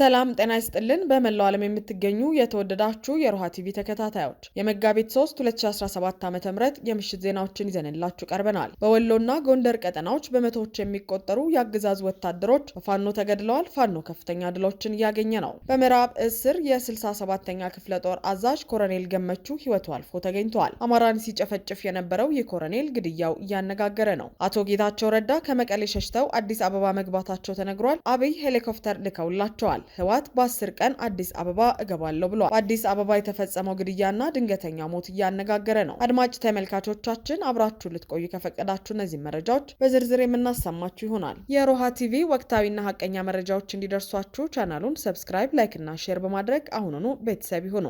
ሰላም ጤና ይስጥልን። በመላው ዓለም የምትገኙ የተወደዳችሁ የሮሃ ቲቪ ተከታታዮች የመጋቢት 3 2017 ዓ ም የምሽት ዜናዎችን ይዘንላችሁ ቀርበናል። በወሎና ጎንደር ቀጠናዎች በመቶዎች የሚቆጠሩ የአገዛዝ ወታደሮች በፋኖ ተገድለዋል። ፋኖ ከፍተኛ ድሎችን እያገኘ ነው። በምዕራብ እስር የ67ኛ ክፍለ ጦር አዛዥ ኮረኔል ገመቹ ሕይወቱ አልፎ ተገኝተዋል። አማራን ሲጨፈጭፍ የነበረው ይህ ኮረኔል ግድያው እያነጋገረ ነው። አቶ ጌታቸው ረዳ ከመቀሌ ሸሽተው አዲስ አበባ መግባታቸው ተነግሯል። አብይ ሄሊኮፕተር ልከውላቸዋል። ህወሓት በአስር ቀን አዲስ አበባ እገባለሁ ብሏል። በአዲስ አበባ የተፈጸመው ግድያና ድንገተኛ ሞት እያነጋገረ ነው። አድማጭ ተመልካቾቻችን አብራችሁ ልትቆዩ ከፈቀዳችሁ እነዚህ መረጃዎች በዝርዝር የምናሰማችሁ ይሆናል። የሮሃ ቲቪ ወቅታዊና ሀቀኛ መረጃዎች እንዲደርሷችሁ ቻናሉን ሰብስክራይብ፣ ላይክ እና ሼር በማድረግ አሁኑኑ ቤተሰብ ይሁኑ።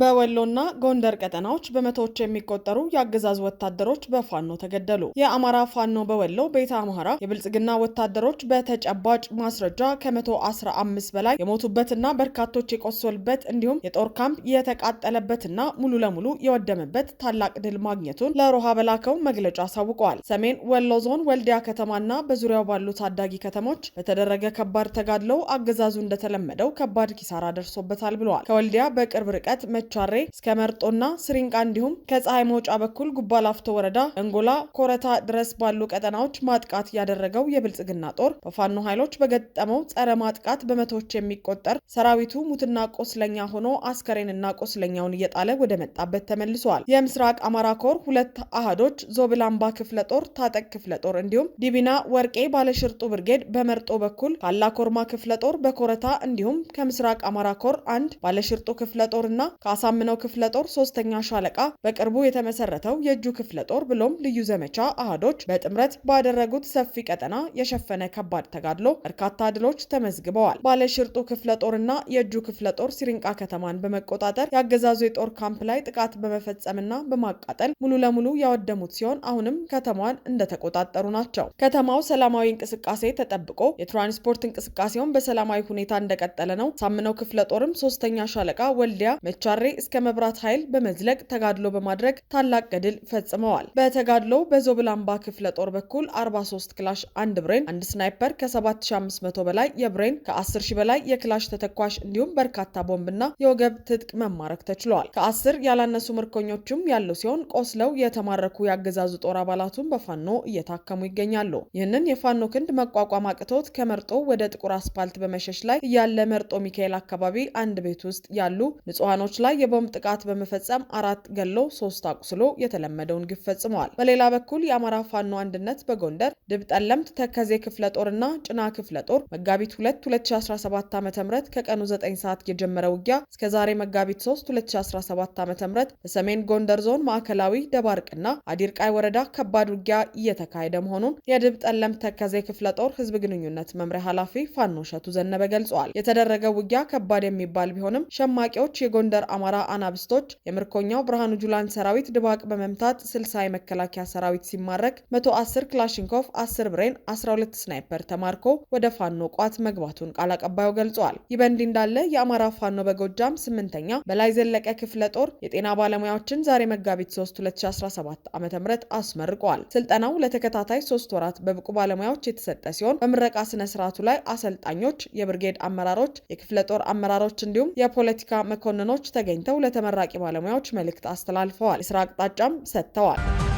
በወሎና ጎንደር ቀጠናዎች በመቶዎች የሚቆጠሩ የአገዛዝ ወታደሮች በፋኖ ተገደሉ። የአማራ ፋኖ በወሎ ቤተ አማራ የብልጽግና ወታደሮች በተጨባጭ ማስረጃ ከመቶ አስራ አምስት በላይ የሞቱበትና በርካቶች የቆሰሉበት እንዲሁም የጦር ካምፕ የተቃጠለበትና ሙሉ ለሙሉ የወደመበት ታላቅ ድል ማግኘቱን ለሮሃ በላከው መግለጫ አሳውቀዋል። ሰሜን ወሎ ዞን ወልዲያ ከተማና በዙሪያው ባሉ ታዳጊ ከተሞች በተደረገ ከባድ ተጋድለው አገዛዙ እንደተለመደው ከባድ ኪሳራ ደርሶበታል ብለዋል። ከወልዲያ በቅርብ ርቀት ቻሬ እስከ መርጦና ስሪንቃ እንዲሁም ከፀሐይ መውጫ በኩል ጉባላፍቶ ወረዳ እንጎላ ኮረታ ድረስ ባሉ ቀጠናዎች ማጥቃት ያደረገው የብልጽግና ጦር በፋኖ ኃይሎች በገጠመው ጸረ ማጥቃት በመቶዎች የሚቆጠር ሰራዊቱ ሙትና ቆስለኛ ሆኖ አስከሬንና ቆስለኛውን እየጣለ ወደ መጣበት ተመልሷል። የምስራቅ አማራ ኮር ሁለት አህዶች ዞብላምባ ክፍለ ጦር፣ ታጠቅ ክፍለ ጦር እንዲሁም ዲቢና ወርቄ ባለሽርጡ ብርጌድ በመርጦ በኩል ካላኮርማ ክፍለ ጦር በኮረታ እንዲሁም ከምስራቅ አማራ ኮር አንድ ባለሽርጡ ክፍለ ጦር እና አሳምነው ክፍለ ጦር ሶስተኛ ሻለቃ በቅርቡ የተመሰረተው የእጁ ክፍለ ጦር ብሎም ልዩ ዘመቻ አህዶች በጥምረት ባደረጉት ሰፊ ቀጠና የሸፈነ ከባድ ተጋድሎ በርካታ ድሎች ተመዝግበዋል። ባለሽርጡ ክፍለ ጦርና የእጁ ክፍለ ጦር ሲሪንቃ ከተማን በመቆጣጠር የአገዛዙ የጦር ካምፕ ላይ ጥቃት በመፈጸምና በማቃጠል ሙሉ ለሙሉ ያወደሙት ሲሆን አሁንም ከተማዋን እንደተቆጣጠሩ ናቸው። ከተማው ሰላማዊ እንቅስቃሴ ተጠብቆ የትራንስፖርት እንቅስቃሴውን በሰላማዊ ሁኔታ እንደቀጠለ ነው። ሳምነው ክፍለ ጦርም ሶስተኛ ሻለቃ ወልዲያ መቻር ከካሬ እስከ መብራት ኃይል በመዝለቅ ተጋድሎ በማድረግ ታላቅ ገድል ፈጽመዋል። በተጋድሎው በዞብላምባ ክፍለ ጦር በኩል 43 ክላሽ፣ አንድ ብሬን፣ አንድ ስናይፐር ከ7500 በላይ የብሬን ከ10 በላይ የክላሽ ተተኳሽ እንዲሁም በርካታ ቦምብና የወገብ ትጥቅ መማረክ ተችሏል። ከ10 ያላነሱ ምርኮኞችም ያሉ ሲሆን ቆስለው የተማረኩ የአገዛዙ ጦር አባላቱን በፋኖ እየታከሙ ይገኛሉ። ይህንን የፋኖ ክንድ መቋቋም አቅቶት ከመርጦ ወደ ጥቁር አስፓልት በመሸሽ ላይ እያለ መርጦ ሚካኤል አካባቢ አንድ ቤት ውስጥ ያሉ ንጹሐኖች ላይ ላይ የቦምብ ጥቃት በመፈጸም አራት ገሎ ሶስት አቁስሎ የተለመደውን ግፍ ፈጽመዋል። በሌላ በኩል የአማራ ፋኖ አንድነት በጎንደር ድብ ጠለምት ተከዜ ክፍለ ጦርና ጭና ክፍለ ጦር መጋቢት 2 2017 ዓ ም ከቀኑ 9 ሰዓት የጀመረ ውጊያ እስከ ዛሬ መጋቢት 3 2017 ዓ ም በሰሜን ጎንደር ዞን ማዕከላዊ ደባርቅና አዲርቃይ ወረዳ ከባድ ውጊያ እየተካሄደ መሆኑን የድብ ጠለምት ተከዜ ክፍለ ጦር ህዝብ ግንኙነት መምሪያ ኃላፊ ፋኖ ሸቱ ዘነበ ገልጸዋል። የተደረገው ውጊያ ከባድ የሚባል ቢሆንም ሸማቂዎች የጎንደር አማ የአማራ አናብስቶች የምርኮኛው ብርሃኑ ጁላን ሰራዊት ድባቅ በመምታት 60 የመከላከያ ሰራዊት ሲማረክ 110 ክላሽንኮቭ፣ 10 ብሬን፣ 12 ስናይፐር ተማርኮ ወደ ፋኖ ቋት መግባቱን ቃል አቀባዩ ገልጿል። ይህ በእንዲህ እንዳለ የአማራ ፋኖ በጎጃም ስምንተኛ በላይ ዘለቀ ክፍለ ጦር የጤና ባለሙያዎችን ዛሬ መጋቢት 3 2017 ዓ ም አስመርቀዋል። ስልጠናው ለተከታታይ ሶስት ወራት በብቁ ባለሙያዎች የተሰጠ ሲሆን በምረቃ ስነ ስርዓቱ ላይ አሰልጣኞች፣ የብርጌድ አመራሮች፣ የክፍለ ጦር አመራሮች እንዲሁም የፖለቲካ መኮንኖች ተገኝ ተገኝተው ለተመራቂ ባለሙያዎች መልእክት አስተላልፈዋል። የስራ አቅጣጫም ሰጥተዋል።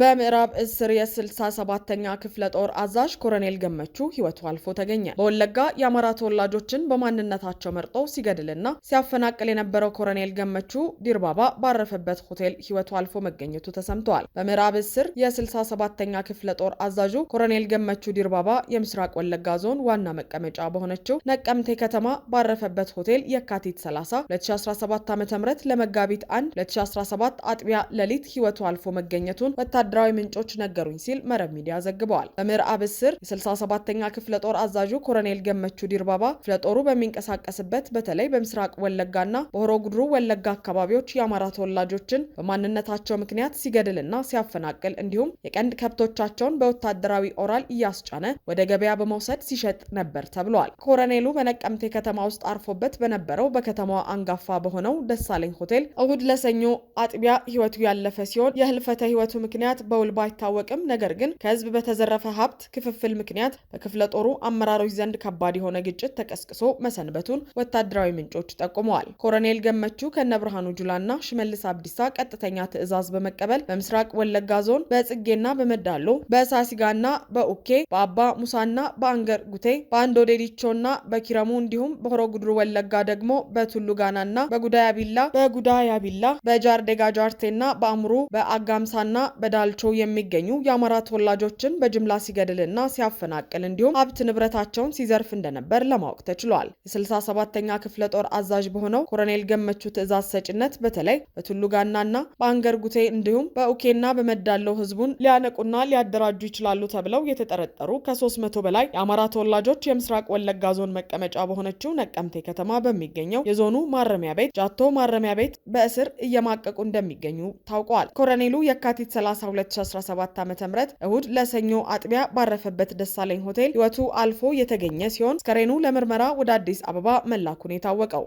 በምዕራብ እስር የ67ኛ ክፍለ ጦር አዛዥ ኮረኔል ገመቹ ህይወቱ አልፎ ተገኘ። በወለጋ የአማራ ተወላጆችን በማንነታቸው መርጦ ሲገድልና ሲያፈናቅል የነበረው ኮረኔል ገመቹ ዲርባባ ባረፈበት ሆቴል ህይወቱ አልፎ መገኘቱ ተሰምተዋል። በምዕራብ እስር የ67ኛ ክፍለ ጦር አዛዡ ኮረኔል ገመቹ ዲርባባ የምስራቅ ወለጋ ዞን ዋና መቀመጫ በሆነችው ነቀምቴ ከተማ ባረፈበት ሆቴል የካቲት 30 2017 ዓ ም ለመጋቢት 1 2017 አጥቢያ ሌሊት ህይወቱ አልፎ መገኘቱን ወታደ ወታደራዊ ምንጮች ነገሩኝ ሲል መረብ ሚዲያ ዘግበዋል። በምዕራብ እስር የ67ኛ ክፍለ ጦር አዛዡ ኮሎኔል ገመቹ ዲርባባ ክፍለ ጦሩ በሚንቀሳቀስበት በተለይ በምስራቅ ወለጋና በሆሮ ጉድሩ ወለጋ አካባቢዎች የአማራ ተወላጆችን በማንነታቸው ምክንያት ሲገድልና ሲያፈናቅል እንዲሁም የቀንድ ከብቶቻቸውን በወታደራዊ ኦራል እያስጫነ ወደ ገበያ በመውሰድ ሲሸጥ ነበር ተብሏል። ኮሎኔሉ በነቀምቴ ከተማ ውስጥ አርፎበት በነበረው በከተማዋ አንጋፋ በሆነው ደሳለኝ ሆቴል እሁድ ለሰኞ አጥቢያ ህይወቱ ያለፈ ሲሆን የህልፈተ ህይወቱ ምክንያት ምክንያት በውል ባይታወቅም ነገር ግን ከህዝብ በተዘረፈ ሀብት ክፍፍል ምክንያት በክፍለ ጦሩ አመራሮች ዘንድ ከባድ የሆነ ግጭት ተቀስቅሶ መሰንበቱን ወታደራዊ ምንጮች ጠቁመዋል። ኮሎኔል ገመቹ ከነ ብርሃኑ ጁላና ሽመልስ አብዲሳ ቀጥተኛ ትዕዛዝ በመቀበል በምስራቅ ወለጋ ዞን በጽጌና በመዳሎ በሳሲጋና በኡኬ በአባ ሙሳና በአንገር ጉቴ በአንዶ ዴዲቾና በኪረሙ እንዲሁም በሆሮ ጉድሩ ወለጋ ደግሞ በቱሉ ጋናና በጉዳያቢላ በጉዳያቢላ በጃርዴጋ ጃርቴና በአምሩ በአጋምሳና በዳ ላልቾ የሚገኙ የአማራ ተወላጆችን በጅምላ ሲገድልና ሲያፈናቅል እንዲሁም ሀብት ንብረታቸውን ሲዘርፍ እንደነበር ለማወቅ ተችሏል። የ67ኛ ክፍለ ጦር አዛዥ በሆነው ኮሎኔል ገመቹ ትዕዛዝ ሰጭነት በተለይ በቱሉጋናና በአንገር ጉቴ እንዲሁም በኡኬና በመዳለው ህዝቡን ሊያነቁና ሊያደራጁ ይችላሉ ተብለው የተጠረጠሩ ከ300 በላይ የአማራ ተወላጆች የምስራቅ ወለጋ ዞን መቀመጫ በሆነችው ነቀምቴ ከተማ በሚገኘው የዞኑ ማረሚያ ቤት ጃቶ ማረሚያ ቤት በእስር እየማቀቁ እንደሚገኙ ታውቋል። ኮሎኔሉ የካቲት 32 2017 ዓ ም እሁድ ለሰኞ አጥቢያ ባረፈበት ደሳለኝ ሆቴል ህይወቱ አልፎ የተገኘ ሲሆን አስከሬኑ ለምርመራ ወደ አዲስ አበባ መላኩን የታወቀው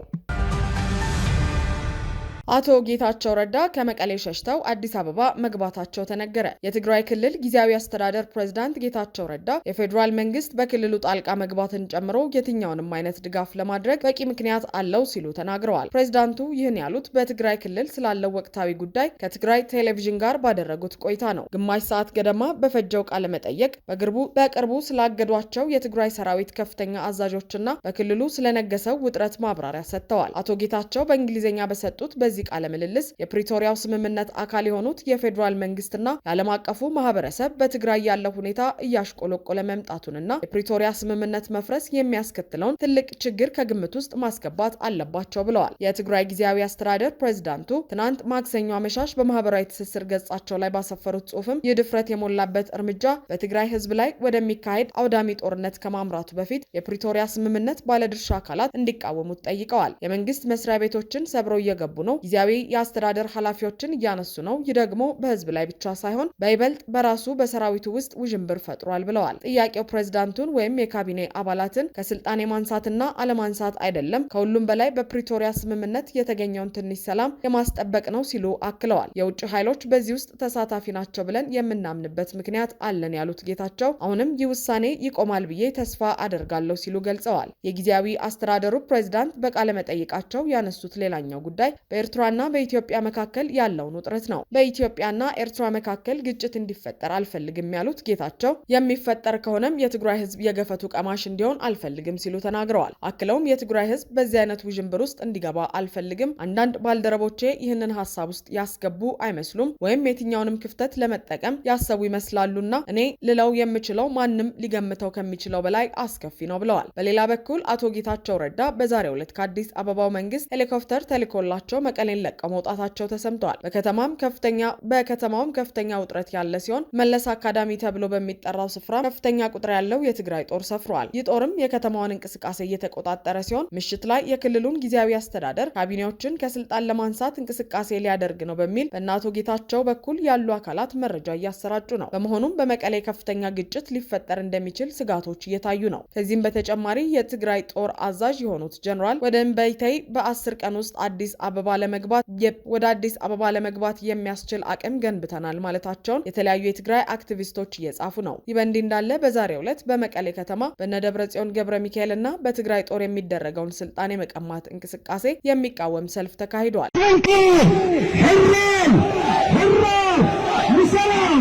አቶ ጌታቸው ረዳ ከመቀሌ ሸሽተው አዲስ አበባ መግባታቸው ተነገረ። የትግራይ ክልል ጊዜያዊ አስተዳደር ፕሬዝዳንት ጌታቸው ረዳ የፌዴራል መንግስት በክልሉ ጣልቃ መግባትን ጨምሮ የትኛውንም አይነት ድጋፍ ለማድረግ በቂ ምክንያት አለው ሲሉ ተናግረዋል። ፕሬዝዳንቱ ይህን ያሉት በትግራይ ክልል ስላለው ወቅታዊ ጉዳይ ከትግራይ ቴሌቪዥን ጋር ባደረጉት ቆይታ ነው። ግማሽ ሰዓት ገደማ በፈጀው ቃለ መጠየቅ በቅርቡ ስላገዷቸው የትግራይ ሰራዊት ከፍተኛ አዛዦችና በክልሉ ስለነገሰው ውጥረት ማብራሪያ ሰጥተዋል። አቶ ጌታቸው በእንግሊዝኛ በሰጡት በዚህ በዚህ ቃለ ምልልስ የፕሪቶሪያው ስምምነት አካል የሆኑት የፌዴራል መንግስትና የዓለም አቀፉ ማህበረሰብ በትግራይ ያለው ሁኔታ እያሽቆለቆለ መምጣቱንና የፕሪቶሪያ ስምምነት መፍረስ የሚያስከትለውን ትልቅ ችግር ከግምት ውስጥ ማስገባት አለባቸው ብለዋል። የትግራይ ጊዜያዊ አስተዳደር ፕሬዚዳንቱ ትናንት ማክሰኞ አመሻሽ በማህበራዊ ትስስር ገጻቸው ላይ ባሰፈሩት ጽሁፍም ይህ ድፍረት የሞላበት እርምጃ በትግራይ ህዝብ ላይ ወደሚካሄድ አውዳሚ ጦርነት ከማምራቱ በፊት የፕሪቶሪያ ስምምነት ባለድርሻ አካላት እንዲቃወሙት ጠይቀዋል። የመንግስት መስሪያ ቤቶችን ሰብረው እየገቡ ነው፣ ጊዜያዊ የአስተዳደር ኃላፊዎችን እያነሱ ነው። ይህ ደግሞ በህዝብ ላይ ብቻ ሳይሆን በይበልጥ በራሱ በሰራዊቱ ውስጥ ውዥንብር ፈጥሯል ብለዋል። ጥያቄው ፕሬዝዳንቱን ወይም የካቢኔ አባላትን ከስልጣን የማንሳትና አለማንሳት አይደለም፣ ከሁሉም በላይ በፕሪቶሪያ ስምምነት የተገኘውን ትንሽ ሰላም የማስጠበቅ ነው ሲሉ አክለዋል። የውጭ ኃይሎች በዚህ ውስጥ ተሳታፊ ናቸው ብለን የምናምንበት ምክንያት አለን ያሉት ጌታቸው አሁንም ይህ ውሳኔ ይቆማል ብዬ ተስፋ አደርጋለሁ ሲሉ ገልጸዋል። የጊዜያዊ አስተዳደሩ ፕሬዝዳንት በቃለመጠይቃቸው ያነሱት ሌላኛው ጉዳይ በኤርትራ በኤርትራና በኢትዮጵያ መካከል ያለውን ውጥረት ነው። በኢትዮጵያና ኤርትራ መካከል ግጭት እንዲፈጠር አልፈልግም ያሉት ጌታቸው የሚፈጠር ከሆነም የትግራይ ህዝብ የገፈቱ ቀማሽ እንዲሆን አልፈልግም ሲሉ ተናግረዋል። አክለውም የትግራይ ህዝብ በዚህ አይነት ውዥንብር ውስጥ እንዲገባ አልፈልግም። አንዳንድ ባልደረቦቼ ይህንን ሀሳብ ውስጥ ያስገቡ አይመስሉም ወይም የትኛውንም ክፍተት ለመጠቀም ያሰቡ ይመስላሉና እኔ ልለው የምችለው ማንም ሊገምተው ከሚችለው በላይ አስከፊ ነው ብለዋል። በሌላ በኩል አቶ ጌታቸው ረዳ በዛሬው ዕለት ከአዲስ አበባው መንግስት ሄሊኮፕተር ተልኮላቸው መቀ መቀሌን ለቀው መውጣታቸው ተሰምተዋል። በከተማም ከፍተኛ በከተማውም ከፍተኛ ውጥረት ያለ ሲሆን መለስ አካዳሚ ተብሎ በሚጠራው ስፍራ ከፍተኛ ቁጥር ያለው የትግራይ ጦር ሰፍሯል። ይህ ጦርም የከተማዋን እንቅስቃሴ እየተቆጣጠረ ሲሆን ምሽት ላይ የክልሉን ጊዜያዊ አስተዳደር ካቢኔዎችን ከስልጣን ለማንሳት እንቅስቃሴ ሊያደርግ ነው በሚል በእነ አቶ ጌታቸው በኩል ያሉ አካላት መረጃ እያሰራጩ ነው። በመሆኑም በመቀሌ ከፍተኛ ግጭት ሊፈጠር እንደሚችል ስጋቶች እየታዩ ነው። ከዚህም በተጨማሪ የትግራይ ጦር አዛዥ የሆኑት ጀኔራል ወደ እምበይተይ በአስር ቀን ውስጥ አዲስ አበባ ለመ ለመግባት ወደ አዲስ አበባ ለመግባት የሚያስችል አቅም ገንብተናል ማለታቸውን የተለያዩ የትግራይ አክቲቪስቶች እየጻፉ ነው። ይህ በእንዲህ እንዳለ በዛሬው ዕለት በመቀሌ ከተማ በነደብረ ጽዮን ገብረ ሚካኤል እና በትግራይ ጦር የሚደረገውን ስልጣን የመቀማት እንቅስቃሴ የሚቃወም ሰልፍ ተካሂዷል። ሰላም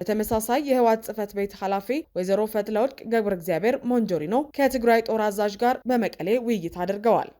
በተመሳሳይ የህወሓት ጽህፈት ቤት ኃላፊ ወይዘሮ ፈትለወርቅ ገብረ እግዚአብሔር ሞንጆሪኖ ከትግራይ ጦር አዛዥ ጋር በመቀሌ ውይይት አድርገዋል።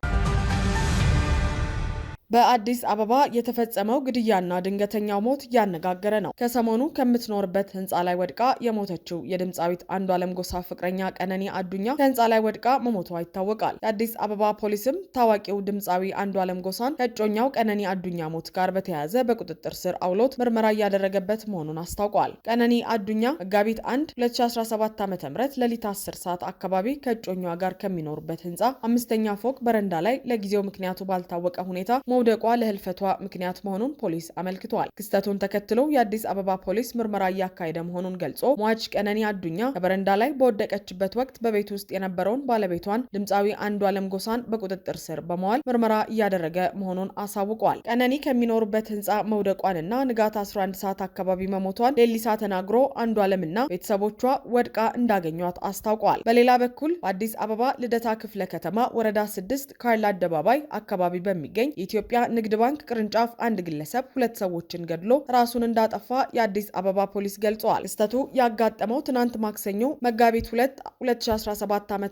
በአዲስ አበባ የተፈጸመው ግድያና ድንገተኛው ሞት እያነጋገረ ነው። ከሰሞኑ ከምትኖርበት ህንፃ ላይ ወድቃ የሞተችው የድምፃዊት አንዷለም ጎሳ ፍቅረኛ ቀነኒ አዱኛ ከህንፃ ላይ ወድቃ መሞቷ ይታወቃል። የአዲስ አበባ ፖሊስም ታዋቂው ድምፃዊ አንዷለም ጎሳን ከእጮኛው ቀነኒ አዱኛ ሞት ጋር በተያያዘ በቁጥጥር ስር አውሎት ምርመራ እያደረገበት መሆኑን አስታውቋል። ቀነኒ አዱኛ መጋቢት 1 2017 ዓ ም ሌሊት 10 ሰዓት አካባቢ ከእጮኛዋ ጋር ከሚኖሩበት ህንፃ አምስተኛ ፎቅ በረንዳ ላይ ለጊዜው ምክንያቱ ባልታወቀ ሁኔታ መውደቋ ለህልፈቷ ምክንያት መሆኑን ፖሊስ አመልክቷል። ክስተቱን ተከትሎ የአዲስ አበባ ፖሊስ ምርመራ እያካሄደ መሆኑን ገልጾ ሟች ቀነኒ አዱኛ ከበረንዳ ላይ በወደቀችበት ወቅት በቤት ውስጥ የነበረውን ባለቤቷን ድምፃዊ አንዱዓለም ጎሳን በቁጥጥር ስር በመዋል ምርመራ እያደረገ መሆኑን አሳውቋል። ቀነኒ ከሚኖሩበት ህንፃ መውደቋንና ንጋት 11 ሰዓት አካባቢ መሞቷን ሌሊሳ ተናግሮ አንዱዓለምና ቤተሰቦቿ ወድቃ እንዳገኟት አስታውቋል። በሌላ በኩል በአዲስ አበባ ልደታ ክፍለ ከተማ ወረዳ ስድስት ካርል አደባባይ አካባቢ በሚገኝ የኢትዮጵያ የኢትዮጵያ ንግድ ባንክ ቅርንጫፍ አንድ ግለሰብ ሁለት ሰዎችን ገድሎ ራሱን እንዳጠፋ የአዲስ አበባ ፖሊስ ገልጸዋል። ክስተቱ ያጋጠመው ትናንት ማክሰኞ መጋቢት 2 2017 ዓ ም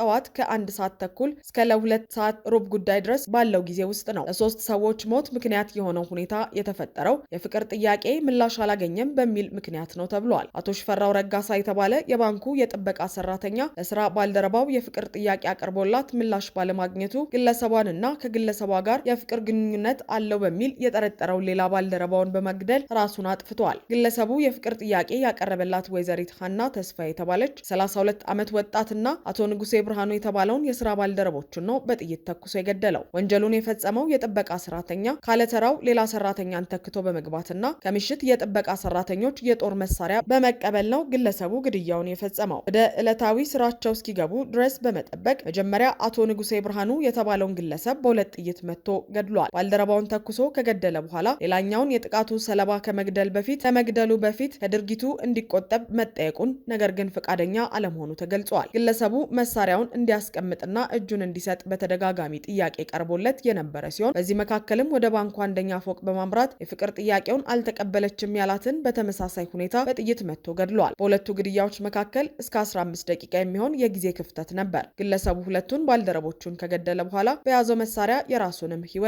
ጠዋት ከአንድ ሰዓት ተኩል እስከ ለሁለት ሰዓት ሩብ ጉዳይ ድረስ ባለው ጊዜ ውስጥ ነው። ለሶስት ሰዎች ሞት ምክንያት የሆነው ሁኔታ የተፈጠረው የፍቅር ጥያቄ ምላሽ አላገኘም በሚል ምክንያት ነው ተብሏል። አቶ ሽፈራው ረጋሳ የተባለ የባንኩ የጥበቃ ሰራተኛ ለስራ ባልደረባው የፍቅር ጥያቄ አቅርቦላት ምላሽ ባለማግኘቱ ግለሰቧንና ከግለሰቧ ጋር የፍቅር የፍቅር ግንኙነት አለው በሚል የጠረጠረው ሌላ ባልደረባውን በመግደል ራሱን አጥፍቷል። ግለሰቡ የፍቅር ጥያቄ ያቀረበላት ወይዘሪት ሀና ተስፋ የተባለች 32 ዓመት ወጣትና አቶ ንጉሴ ብርሃኑ የተባለውን የስራ ባልደረቦችን ነው በጥይት ተኩሶ የገደለው። ወንጀሉን የፈጸመው የጥበቃ ሰራተኛ ካለተራው ሌላ ሰራተኛን ተክቶ በመግባትና ከምሽት የጥበቃ ሰራተኞች የጦር መሳሪያ በመቀበል ነው ግለሰቡ ግድያውን የፈጸመው። ወደ ዕለታዊ ስራቸው እስኪገቡ ድረስ በመጠበቅ መጀመሪያ አቶ ንጉሴ ብርሃኑ የተባለውን ግለሰብ በሁለት ጥይት መጥቶ ገድሏል። ገድሏል። ባልደረባውን ተኩሶ ከገደለ በኋላ ሌላኛውን የጥቃቱ ሰለባ ከመግደል በፊት ከመግደሉ በፊት ከድርጊቱ እንዲቆጠብ መጠየቁን ነገር ግን ፈቃደኛ አለመሆኑ ተገልጿል። ግለሰቡ መሳሪያውን እንዲያስቀምጥና እጁን እንዲሰጥ በተደጋጋሚ ጥያቄ ቀርቦለት የነበረ ሲሆን በዚህ መካከልም ወደ ባንኩ አንደኛ ፎቅ በማምራት የፍቅር ጥያቄውን አልተቀበለችም ያላትን በተመሳሳይ ሁኔታ በጥይት መጥቶ ገድሏል። በሁለቱ ግድያዎች መካከል እስከ 15 ደቂቃ የሚሆን የጊዜ ክፍተት ነበር። ግለሰቡ ሁለቱን ባልደረቦቹን ከገደለ በኋላ በያዘው መሳሪያ የራሱንም ህይወት